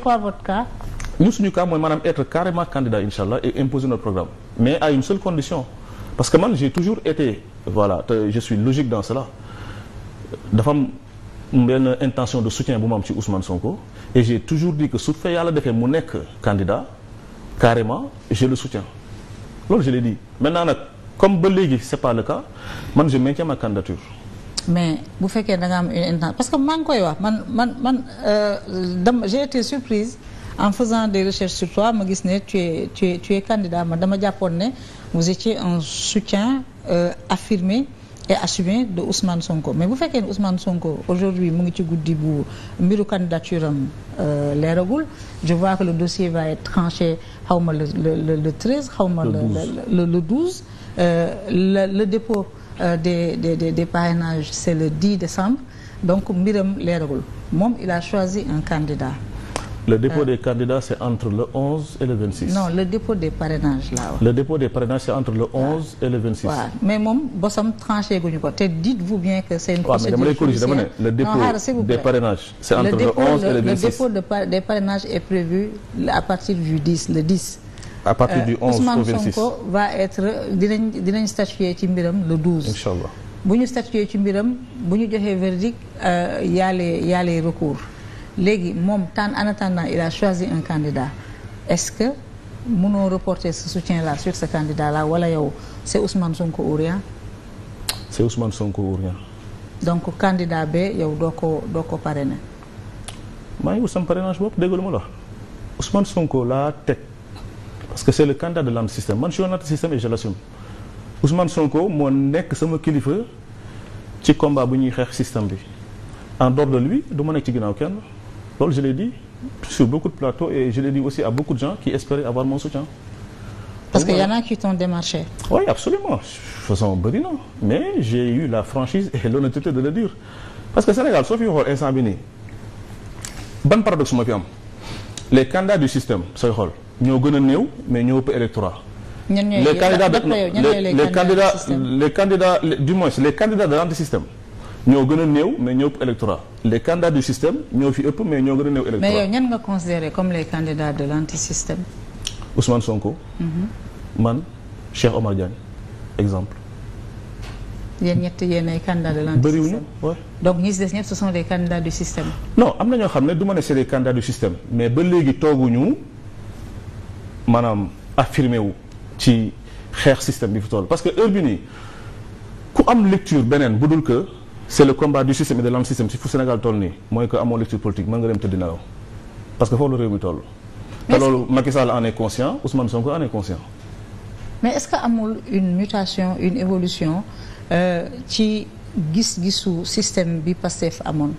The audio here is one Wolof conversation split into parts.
quoi votre cas? ñun suñu cas mooy maanaam être carrément candidat incha allah et imposer notre programme mais à une seule condition parce que man j'ai toujours été voilà te je suis logique dans cela dafa am benn intention de soutien bu ma am ci Ousmane Sonko et j'ai toujours dit que su fekkee yàlla defee mu nekk candidat carrément je le soutiens loolu je l'ai dit maintenant nag comme ba léegi c'est pas le cas man je maintiens ma candidature. mais bu fekkee da nga am une intention parce que maa ngi koy wax man man man euh, dama j'ai été surprise en faisant des recherches sur toi ma gis ne tu es tu es tu es candidat man dama jàppoon ne vous étiez un soutien euh, affirmé et assumé de Ousmane Sonko mais bu fekkee ne Sonko aujourd'hui mu ngi ci guddi bu mbiru candidature am euh, leeragul je vois que le dossier va être tranché xawma le le le treize xawma le le euh, le le dépôt Euh, des des des, des parrainages c'est le le dépôt euh, des candidats c'est entre le 11 et le 26. non le dépôt des parrainages laa wax. le dépôt des parrainages c'est entre le mais moom bosam tranché guñu ko te dites-vous que c'est une procédure waaw mais dama à partir du 10 le 10. à partir du 11 euh, au 26 Ousmane Sonko va être dinañ dinañ statuer ci mbiram le 12. incha allah bu ñu statuer ci mbiram bu ñu joxee verdict euh, y a les y a léegi moom tan en attendant il a choisi un candidat est-ce que mënoo reporter ce soutien là sur ce candidat là wala yow c'est Ousmane Sonko ou rien. c'est Sonko ou donc candidat be yow doo ko doo ko parrainer. maa ngi wut sama parrainage bopp dégg ma la Ousmane Sonko laa teg. parce que c'est le candidat de l'anti-système man je suis un anti-système et je l'assume Ousmane Sonko moo nekk sama kilifa ci combat bu ñuy xeex système bi en dehors de lui du ma nekk ci ginnaaw kenn loolu je l'ai dit sur beaucoup de plateaux et je l'ai dit aussi à beaucoup de gens qui espéraient avoir mon soutien. parce qu'il y en a qui t'ont démarché. oui absolument façon bëri na mais j'ai eu la franchise et l'honnêteté de le dire parce que Sénégal soo fi xool instant bi nii ban paradoxe moo fi am du système sooy xool. ñoo gën a néew mais ñoo ëpp électorat les candidats les candidats les candidats du moins les candidats de l'antisystème ñoo gën a néew mais ñoo ëpp électorat les candidats du système ñoo fi ëpp mais ñoo gën a néew électorat mais yow ñan nga considéré comme les candidats de l'antisystème Ousmane Sonko mhm. man Cheikh Omar Diagne exemple yéen ñett yéen ay candidats de l'antisystème bëriwuñu donc ñi si des ñëpp ce sont des candidats du système non am na ñoo xam ne du ma ne c'est des candidats du système mais ba léegi maanaam affirmé wu ci xeex système bi fi toll parce que heure bi nii ku am lecture beneen bu dul que c'est le combat du système et de l'antisystème si fu Sénégal toll nii mooy que amoo lecture politique mën nga dem tëdd nelaw parce que foofu la réew mi toll. te loolu Macky Sall en est conscient Ousmane Sonko en est conscient. mais est-ce que amul une mutation une évolution euh, ci gis-gisu système bi Pastef amoon.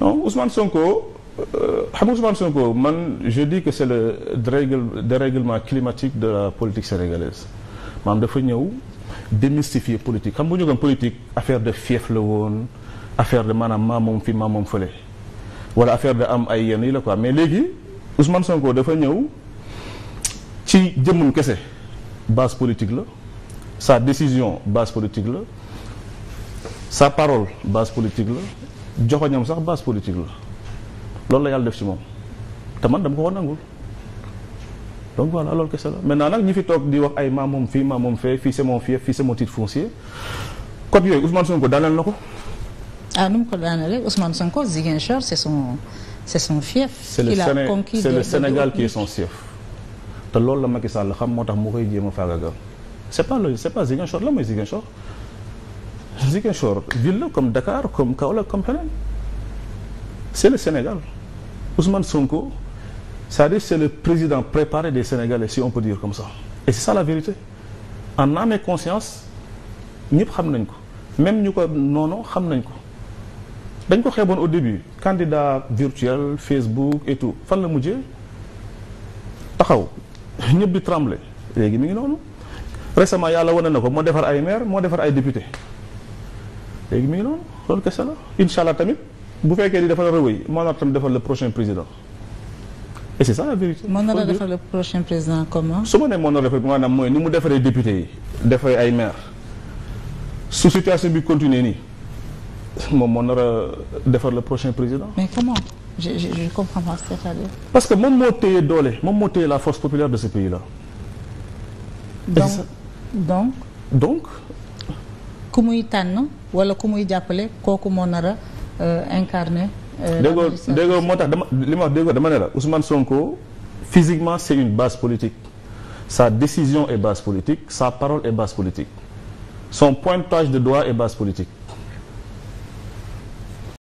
non Ousmane Sonko. xam euh, nga Ousmane Sonko man je di que c'est le dérèglement climatique de la politique sénégalaise maanaam dafa ñëw démystifier politique xam nga ñu ko politique affaire de fief la woon affaire de maanaam maa moom fi maa moom fële wala affaire de am ay yenn yi la quoi mais léegi Ousmane Sonko dafa ñëw ci jëmmum kese base politique la sa décision base politique la sa parole base politique la joxoñam sax base politique la loolu la yàlla def si moom te man dama ko war nangul donc voilà loolu kese la maintenant nag ñi fi toog di wax ay maam moom fii maam moom fee fii c'est mon fief fii c'est mon titre foncier code yooyu Ousmane Sonko daaneel na ko. ah nu mu ko daanelee Ousmane Sonko Ziguinchor c'est son c'est son fief. il a conquis c'est le Sénégal qui est son fief. te loolu la Macky Sall xam moo tax mu koy jéem a faagaagal c'est pas le c'est pas Ziguinchor la mooy Ziguinchor Ziguinchor ville la comme Dakar comme Kaolack comme feneen c'est le Sénégal. Ousmane Sonko c'est-à-dire c'est le président préparé des Sénégalais si on peut dire comme ça et c'est ça la vérité en naa et conscience ñëpp xam nañ ko même ñu ko noonu xam nañ ko dañ ko xeeboon au début candidat virtuel Facebook et tout fan la mujjee taxaw ñëpp di tremble léegi mi ngi noonu récemment yàlla wane na ko moo defar ay maire moo defar ay député léegi mi ngi noonu loolu kese la incha allah tamit bu fekkee ni dafa nar a wéy moo nar tam defal le prochain président et c'est ça la vérité. moo nar a defal le prochain président comment. su ma nee moo nar a defal maanaam mooy ni mu defaree député yi defee ay maire su situation bi continuer nii moom moo nar a defar le prochain président. mais comment je je je comprends pas c'est-à-dire. parce que moom moo téye doole moom moo téye la force populaire de ce pays là. donc donc. donc. ku muy tànn wala ku muy jàppale kooku moo nar a. Euh, incarner. Euh, déggoo déggoo moo tax dama li ma wax dama ne la Ousmane Sonko physiquement c'est une base politique sa décision est base politique sa parole est base politique son pointage de doigt est base politique.